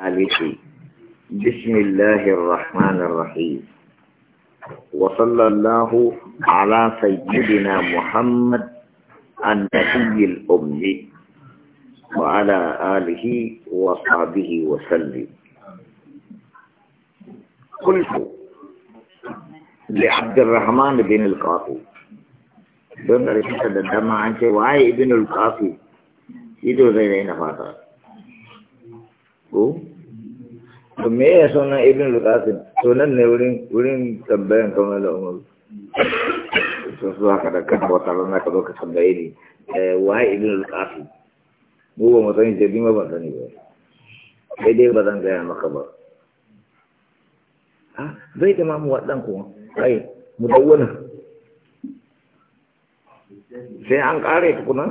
الثالث بسم الله الرحمن الرحيم وصلى الله على سيدنا محمد النبي الأمي وعلى آله وصحبه وسلم قلت لعبد الرحمن بن القاسم دون رسالة دم عن وعي ابن القاسم يدو زي فاتر to me ya sunan ibn lukasin sunan ne wurin wurin tambayan kamar da umar to su da kan wata rana ka zo ka tambaye ni eh, waye ibn lukasin mu ba mu ma ban sani ba sai dai ba zan gaya maka ba zai da mamu waɗan ai mu dawwana sai an ƙare tukuna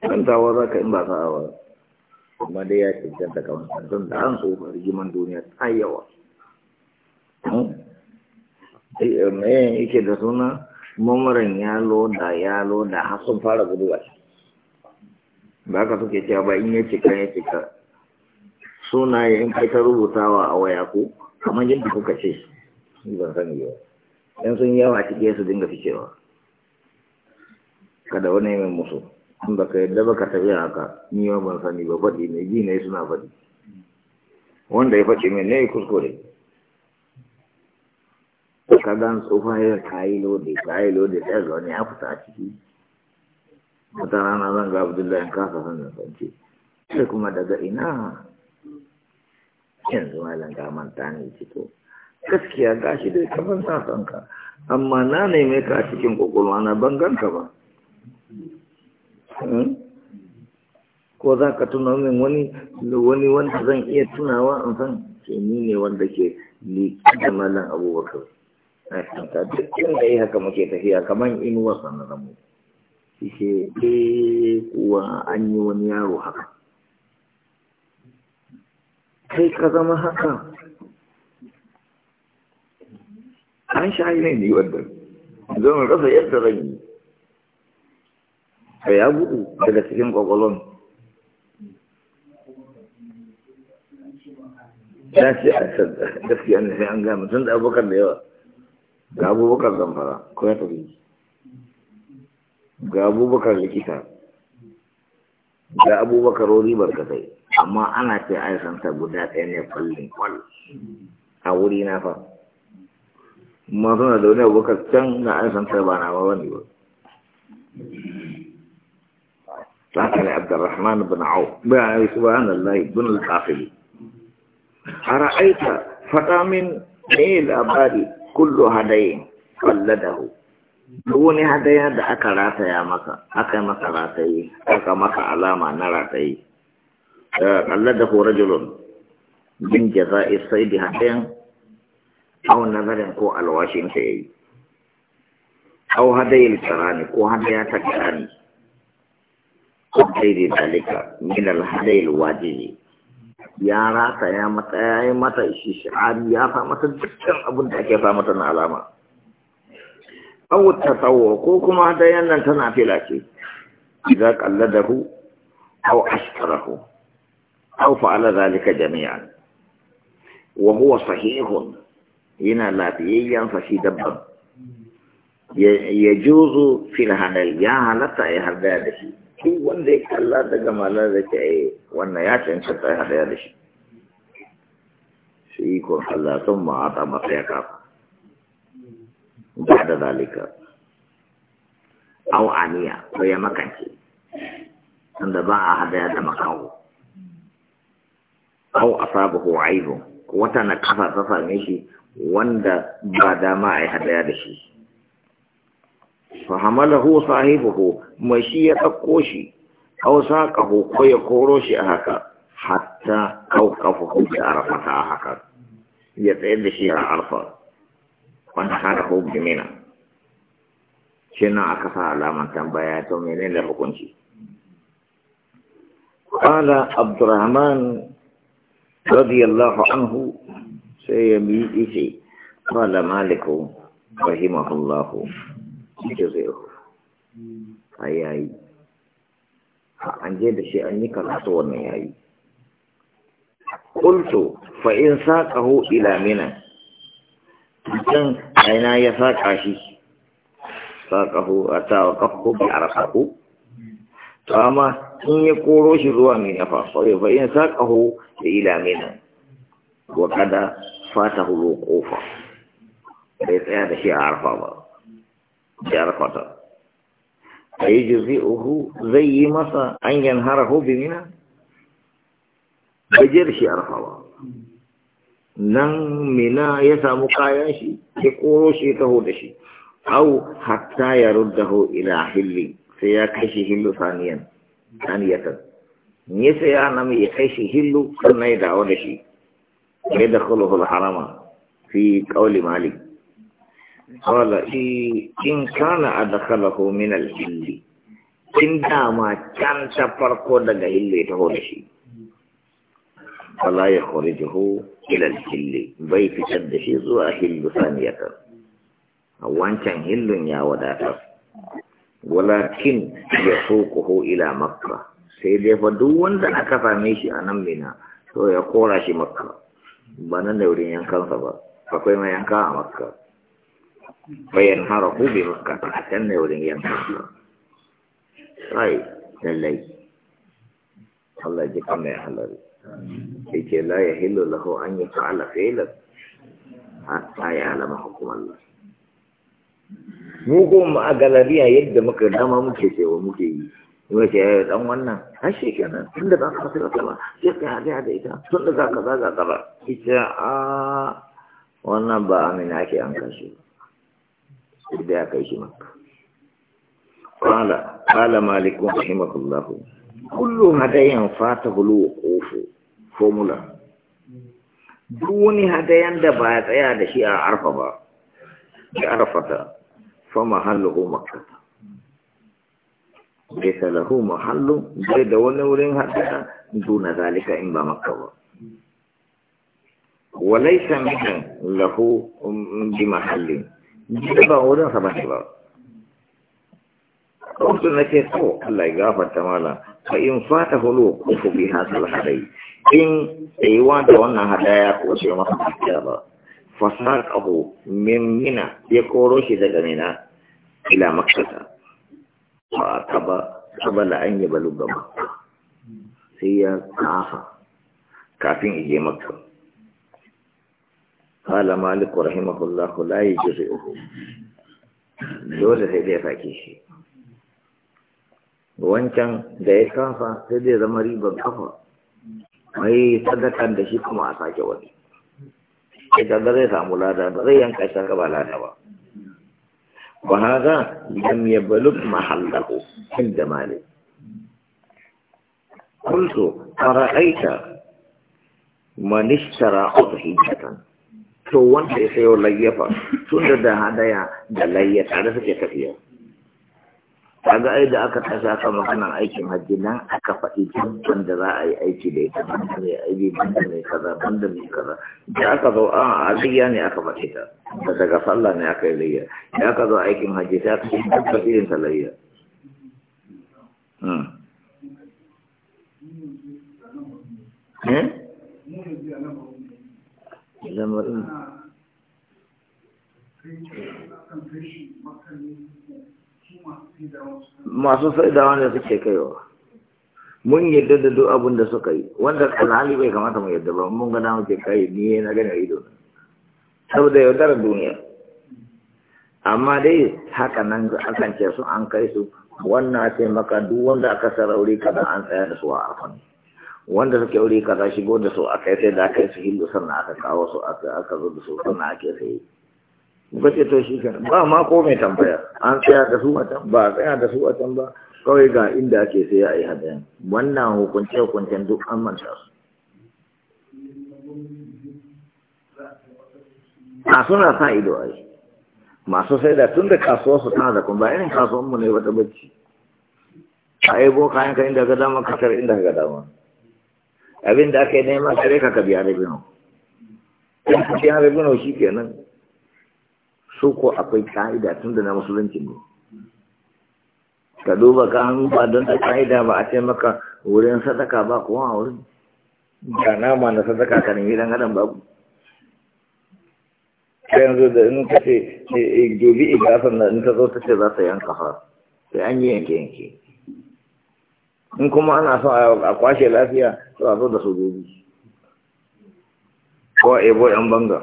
an tawa ka in ba ka awara. kuma dai ya cancanta kamar don da an tsofa rigiman duniya ta yawa eh, eh, mayan yake da suna mamaran yalo da yalo da har fara guduwa ba ka suke cewa ba in ya cika ya cika sunaye in kai ta rubutawa a waya ko kamar yadda kuka ce ban sani ba yan sun yawa cike su dinga ficewa kada wani mai musu in ba ka yadda ba ka tafi haka ni ma ban sani ba faɗi ne ji ne suna faɗi wanda ya faɗi mai ne kuskure ka gan tsofa ya kayi lode kayi lode ta ga wani ya fita a ciki wata rana zan ga abdullahi kasa zan sanci sai kuma daga ina yanzu malam ga manta ne fito gaskiya gashi dai kafin sa sanka amma na neme ka cikin kokolwa na ban ganka ba Hmm? ko za ka tuna min wani wani wanda zan iya tunawa an san ke ni ne wanda ke liƙi da malam abubakar na shanta duk inda ya haka muke tafiya kamar inuwa sannan mu ishe ke eh, kuwa an yi wani yaro haka kai ka zama haka an sha ne ni wadda zan rasa yadda zan yi to ya buɗu daga cikin ƙwaƙwalon ya ce a gaskiya ne sai an gama tun da abokan da yawa ga abubakar zamfara ko ya tafi ga abubakar likita ga abubakar rori barkatai amma ana ce a santa guda ɗaya ne kwallon kwal a wuri na fa amma suna da wani abubakar can na a santa ba na ba wani ba سأل عبد الرحمن بن عوف بأي سبحان الله بن الحافل أرأيت فتى من ميل أباري كل هدين قلده دون هدايا دا أكا يا مكا أكا مكا راتي أكا مكا على علامة نراتي آه، قلده رجل من جزاء السيد هدين أو نظر كو ألواشين سيئي أو هدايا الكراني كو هدايا تكراني غير minal من waje ne ya rata ya mata ya yi mata shishari ya fa mata dukkan abin da ake fa mata na alama ta tsawo ko kuma da yannan tana fila ce idan qalladahu aw ashkarahu aw fa'ala zalika jami'an wa huwa sahihun yana lafiyayyan fa shi dabban ya juzu fil hanal ya halatta ya harda da shi shi wanda ya kalla daga malar da ke yi eh, wannan ya cancanta ya haɗaya da shi shi ikon Allah sun ta masu ya kafa ba da zalika awa aniya ko ya makance wanda ba a haɗaya da makawo sabu ko aibun wata na kafa ta same shi wanda ba dama a yi haɗaya da shi فحمله صاحبه مشي يتقوشي أو ساقه كي كوروشي أهكا حتى أوقفه بعرفة أهكا يتعد شيء عرفة فنحاله بمنا شنا أكفى على من تنبياته من له حكمشي قال عبد الرحمن رضي الله عنه سيميئتي قال مالك رحمه الله shi ke zai a yayi an je da shi an yi karatu wannan yayi kultu fa in saqahu ila mina dan aina ya saƙa shi saqahu atawa waqahu bi arqahu to amma in ya koro shi zuwa nafa, fa fa in saqahu ila mina wa kada fatahu kofa bai tsaya da shi a arfa ba biyar kwata a yi jirgi uku zai yi masa an hara hobi mina bajiyar shi arfawa nan mina ya samu kayan shi ya koro shi taho da shi au hatta ya ruddahu ila hilli sai ya kai shi hillu saniyan saniyatan ya sai ya nami ya kai shi hillu sannan ya dawo da shi ya da kulhul harama fi kauli malik Wala si in kana adakalahu min al hilli. In dama can ta farko daga hilli ta hore shi. Wala ya hore jihu ilal hilli bai fitar da shi zuwa hillu saniyata. A wancan hillun ya wadata. Walakin ya ho ila makka. Sai dai fa duk wanda aka same shi a nan mina to ya kora shi makka. Ba da wurin yankansa ba. Akwai mai yanka a makka. bayan haraku bi makka a can ne wurin yanka sai lallai Allah ji kan mai halari sai ce la ya hillu laho an yi fa'ala fi'lan hatta ya alama hukum Allah mu kuma a galariya yadda muka dama muke cewa muke yi muka ce ya yi dan wannan har shi tun da za ka fasa ba sai ka haɗe da ita tun da za ka za ka gaba ita a wannan ba amina ake an kashi ba da ya kai shi maka qala qala kullu hadayan fatahu al formula duk wani hadayan da ba ya tsaya da shi a arfa ba da arfata fa mahalluhu makkah da wani wurin بيد ولا ولين in ba makka ba. بمكة وليس lahu له بمحل gida ba wurin sa bane ba Kuntu na ce to Allah ya gafarta mala fa in fata hulu ku bi hasar hadai in yi da wannan hadaya ko ce masa dukiya ba abu min mina ya koro shi daga mina ila a taba, kaba da an yi balu gaba sai ya kafa kafin ije makka قال مالك رحمه الله لا يجزئه دول سي دي فاكي شي وانچن دي كافا سي دي زمري بالكفا اي صدقا دي شي كما اساك ودي اي تدري سامولا دا بري ينكا شاك بالا نبا وهذا لم يبلغ محله عند مالك قلت أرأيت من اشترى أضحية to wanda ya sayo layyafa tun da da hadaya da layya tare suke tafiya ga ai da aka tasa aka magana aikin hajji nan aka faɗi dukkan da za a yi aiki da ita banda mai aiki banda mai kaza banda mai kaza da aka zo a aliya ne aka faɗi ta da daga sallah ne aka yi layya da aka zo aikin hajji ta aka yi dukkan irin ta layya Hmm? hmm? lamarin masu saidawa da suke kaiwa mun yadda da duk abin da suka yi wanda alhali bai kamata mu yadda ba mun gana muke kai ni na gani ido saboda yaudarar duniya amma dai haka nan akan ce su an kai su wannan taimaka duk wanda aka sarauri kada an tsaya da su a arfani wanda suke wuri kaza shigo da su aka sai da aka yi su hindu sannan aka kawo su aka zo da su sannan ake sai ba ce to shi kan ba ma ko mai tambaya an tsaya da su a can ba tsaya da su a can ba kawai ga inda ake sai a yi hadayan wannan hukunce hukuncen duk an manta su a suna sa ido a yi masu sai da tun da kasuwar su tana da kuma ba irin kasuwar mu ne wata bacci a yi bo kayan ka inda ga dama kasar inda ga dama abin da aka yi neman kare ka ka biya rabino in ka biya rabino shi nan su ko akwai ka'ida tun da na musulunci ne ka duba ka hannu ba don da ka'ida ba a ce maka wurin sadaka ba kuma a wurin ga nama na sadaka ka nemi dan adam babu sai yanzu da in ka ce eh, eh, dubi igasan da in ta zo ta ce za ta yanka fa sai an yi yanke yanke in kuma ana so a kwashe lafiya to a zo da sojoji ko ebo yan banga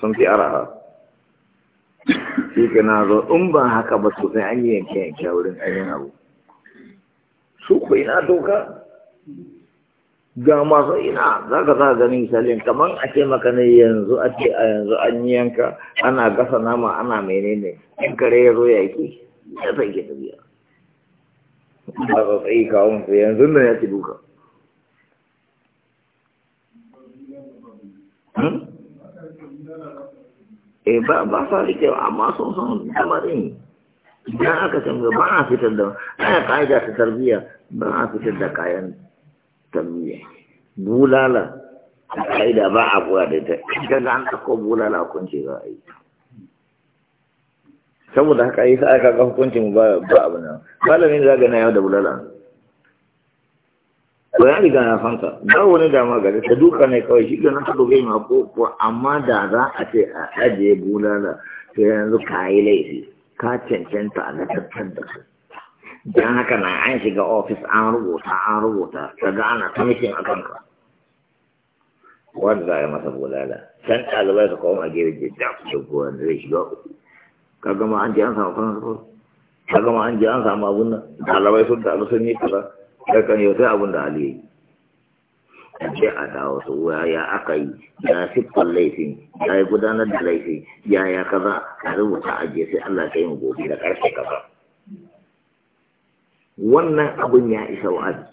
sun fi araha shi ka na zo in ba haka ba to sai an yi yanke yanke wurin ainihin abu su ku ina doka ga masu ina za ka sa ganin misalin kamar a ce maka ne yanzu a ce a yanzu an yanka ana gasa nama ana menene in kare ya zo ya ke, ya sai tafiya ba su tsaye kawon su yanzu nan ya ci duka e ba ba sa rike amma sun san lamarin idan aka canza ba a fitar da aya ka'ida ta tarbiyya ba a fitar da kayan tarbiyya bulala ka'ida ba a kula da ita idan an ɗauko bulala kunce za a yi saboda haka yi sa'a kaka hukuncin ba abu nan malamin zaga na yau da bulala ko ya riga na fanta ba wani dama gari. ta duka ne kawai shi ganin ta dogai ma ko ko amma da za a ce a ajiye bulala to yanzu ka yi laifi ka cancanta a natattar da su don haka na an shiga ofis an rubuta an rubuta ta ana ta mishin a kanka wanda za a yi masa bulala can ɗalibai su koma gefe da dafi da buwan zai shiga uku ka gama an ji an samu faransa ka gama an ji an samu abun nan ɗalibai sun taru sun yi kaza kai kan yau sai abun da ali yi a ce a dawo su ya aka yi ya siffar laifin ya yi gudanar da laifin ya ya kaza a rubuta ajiye sai allah ka yi gobe da ƙarfe kaza wannan abun ya isa wa'azi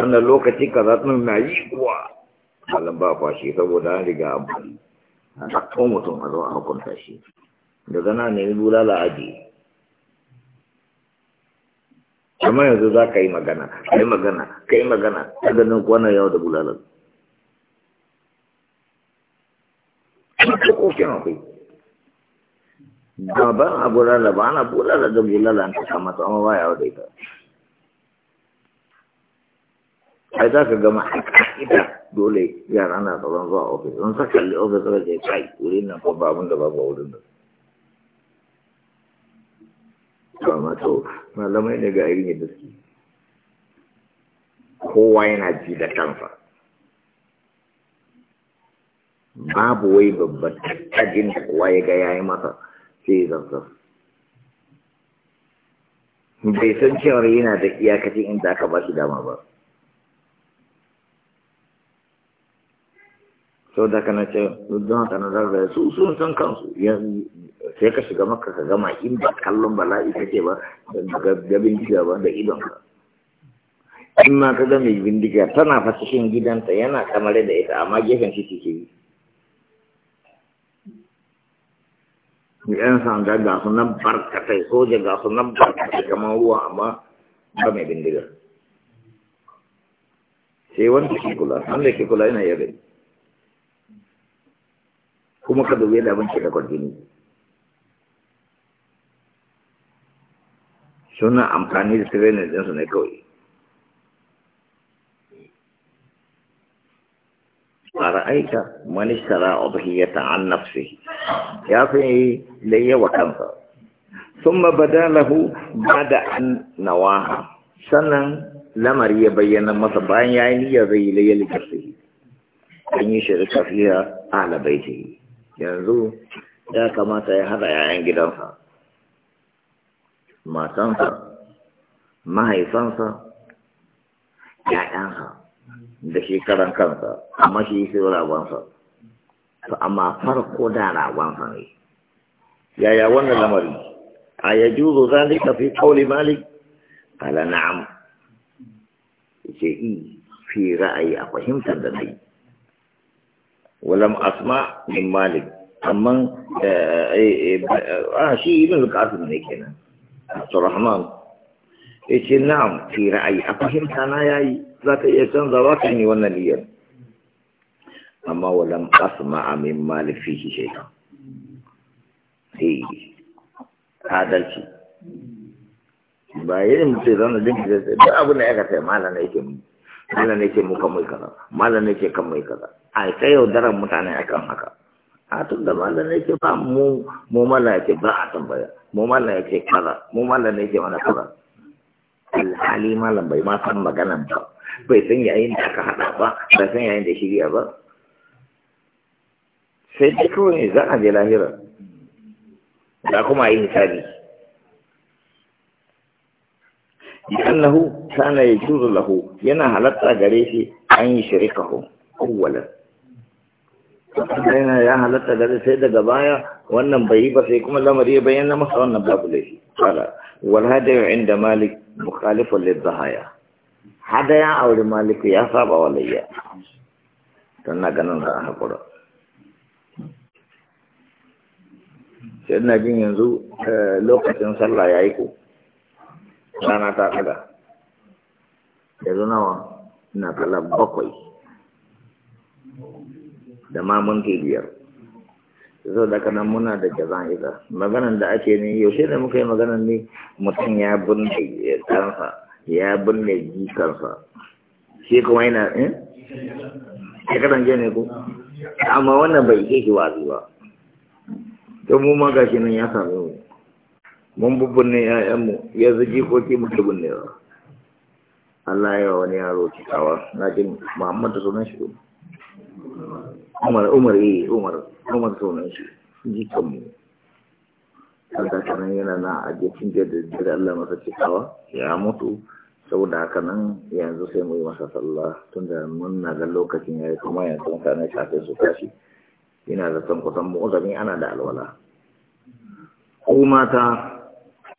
sannan lokaci kaza tun na yi kuwa malam ba kwashe saboda an riga abu a mutum a zo a hukunta shi Daga da zana nemi bulala aji amma yanzu za ka yi magana ka yi magana ka yi magana ta ganin kwana yau da bulalar ƙoƙin akwai gaban a bulala ba ana bulala da bulala ta sama kama tsawon waya da ita ai za ka gama a ka'ida dole yara na tsaron zuwa ofis don sa kalli ofis suka ce kai wurin nan ko ba abin da ba ba wurin nan malamai ne ga irin yadda su kowa yana ji da kansa babu wai babban tajin da kowa ya ga yayi masa sai ya zarta bai san cewa yana da iyakacin inda aka ba shi dama ba sau da kana ce don haka na ya su sun san kansu sai ka shiga maka ka gama ba kallon bala'i ce ba daga gabin jiya ba da idon ka in ma ka mai bindiga tana fa cikin gidanta yana kamar da ita amma gefen shi ke yi yan sanda ga su nan barkatai soja ga su nan barkatai kamar ruwa amma ba mai bindiga sai wanda ke kula wanda ke kula yana yabe kuma ka dubi da abinci da kwarjini suna amfani da training su ne kawai أرأيت من اشترى أضحية عن نفسه يعطي لي وكنفر ثم بدا له بعد أن نواها سنة لمر يبين مصبعين يعني يضي لي لكفه أن يشرك فيها أهل بيته yanzu ya kamata ya hada yayan gidansa matansa mahaifansa ‘ya'yansa da shekaran kansa amma shi yi sai rabansa to amma farko da rabansa ne yaya wannan lamari a ya juzo zalika fi kauli malik ala na'am ce yi fi ra'ayi a fahimtar da na yi ولم أسمع من مالك أما آه شيء من القاسم كنا عبد الرحمن إيش نعم في رأي أفهم كان ياي ذاك يسون يسان ذراكني ونليا أما ولم أسمع من مالك فيه شيء إيه هذا الشيء ba irin mutum zan da dinki da abin da ya ka sai na yake mu malam ne ce mu mai kaza malam ne ke kan mai kaza a ta yaudaran mutane akan haka a tun da malam ne ke ba mu mu malam ke ba a tambaya mu malam ke kaza mu malam ne ke mana kaza alhali malam bai ma san maganan ba bai san yayin da aka hada ba bai san yayin da shirya ba sai duk wani za a je lahira da kuma yi hisabi لأنه كان يجوز له ينهى لطا غريسي أن يشركه أولا لأنه ينهى لطا غريسي سيدة قضايا وأنهم بيبا سيكم الله مريبا بيانا مصر وأنهم بابوا ليه قال والهدي عند مالك مخالف للضهايا هذا يا أول مالك يا صاحب أولي تنا قنن راح قرأ سيدنا جين ينزو آه، لوقت ينصر لا يعيكو rana ta ɗaga yanzu nawa ina kala bakwai da mamun biyar zo da kanan muna da jaza'iza maganan da ake ne yaushe ne muka yi maganan ne mutum ya binne kansa ya binne jikarsa shi kuma yana in eh? ya kasance ne ku amma wannan bai ke shi wazi ba don mu ma gashi nan ya samu mu mun bubbunne ya yanzu jikoki muke ba Allah ya wani yaro cikawa na jin Muhammadu sunan shi Umar Umar yi eh, Umar Umar sunan shi jikanmu Allah sanan yana na a cin da da Allah masa cikawa ya mutu saboda haka nan yanzu sai mu yi masa sallah tunda mun na ga lokacin yayi kuma yanzu mutane kafin su tashi ina da san kusan mu ana da alwala ko mata